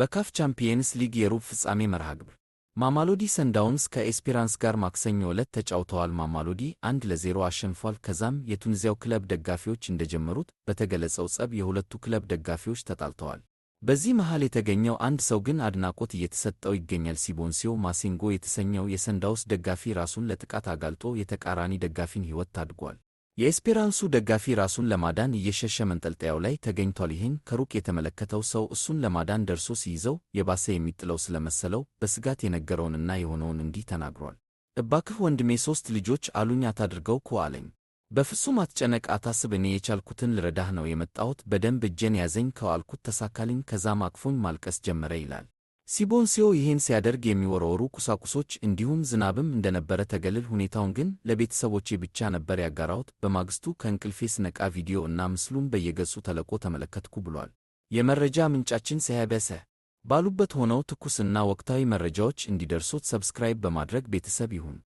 በካፍ ቻምፒየንስ ሊግ የሩብ ፍጻሜ መርሃ ግብር ማማሎዲ ሰንዳውንስ ከኤስፔራንስ ጋር ማክሰኞ ዕለት ተጫውተዋል። ማማሎዲ አንድ ለዜሮ አሸንፏል። ከዛም የቱኒዚያው ክለብ ደጋፊዎች እንደጀመሩት በተገለጸው ጸብ የሁለቱ ክለብ ደጋፊዎች ተጣልተዋል። በዚህ መሃል የተገኘው አንድ ሰው ግን አድናቆት እየተሰጠው ይገኛል። ሲቦንሲዮ ማሲንጎ የተሰኘው የሰንዳውንስ ደጋፊ ራሱን ለጥቃት አጋልጦ የተቃራኒ ደጋፊን ሕይወት ታድጓል። የኤስፔራንሱ ደጋፊ ራሱን ለማዳን እየሸሸ መንጠልጠያው ላይ ተገኝቷል። ይህን ከሩቅ የተመለከተው ሰው እሱን ለማዳን ደርሶ ሲይዘው የባሰ የሚጥለው ስለመሰለው በስጋት የነገረውንና የሆነውን እንዲህ ተናግሯል። እባክህ ወንድሜ ሦስት ልጆች አሉኝ፣ አታድርገው እኮ አለኝ። በፍጹም አትጨነቅ፣ አታስብ፣ እኔ የቻልኩትን ልረዳህ ነው የመጣሁት። በደንብ እጄን ያዘኝ፣ ከው አልኩት፣ ተሳካልኝ። ከዛም አቅፎኝ ማልቀስ ጀመረ ይላል። ሲቦንሲዮ ይህን ሲያደርግ የሚወረወሩ ቁሳቁሶች እንዲሁም ዝናብም እንደነበረ ተገልል ሁኔታውን ግን ለቤተሰቦቼ ብቻ ነበር ያጋራሁት። በማግስቱ ከእንቅልፌ ስነቃ ቪዲዮ እና ምስሉም በየገጹ ተለቆ ተመለከትኩ ብሏል የመረጃ ምንጫችን። ሲያበሰ ባሉበት ሆነው ትኩስና ወቅታዊ መረጃዎች እንዲደርሶት ሰብስክራይብ በማድረግ ቤተሰብ ይሁን።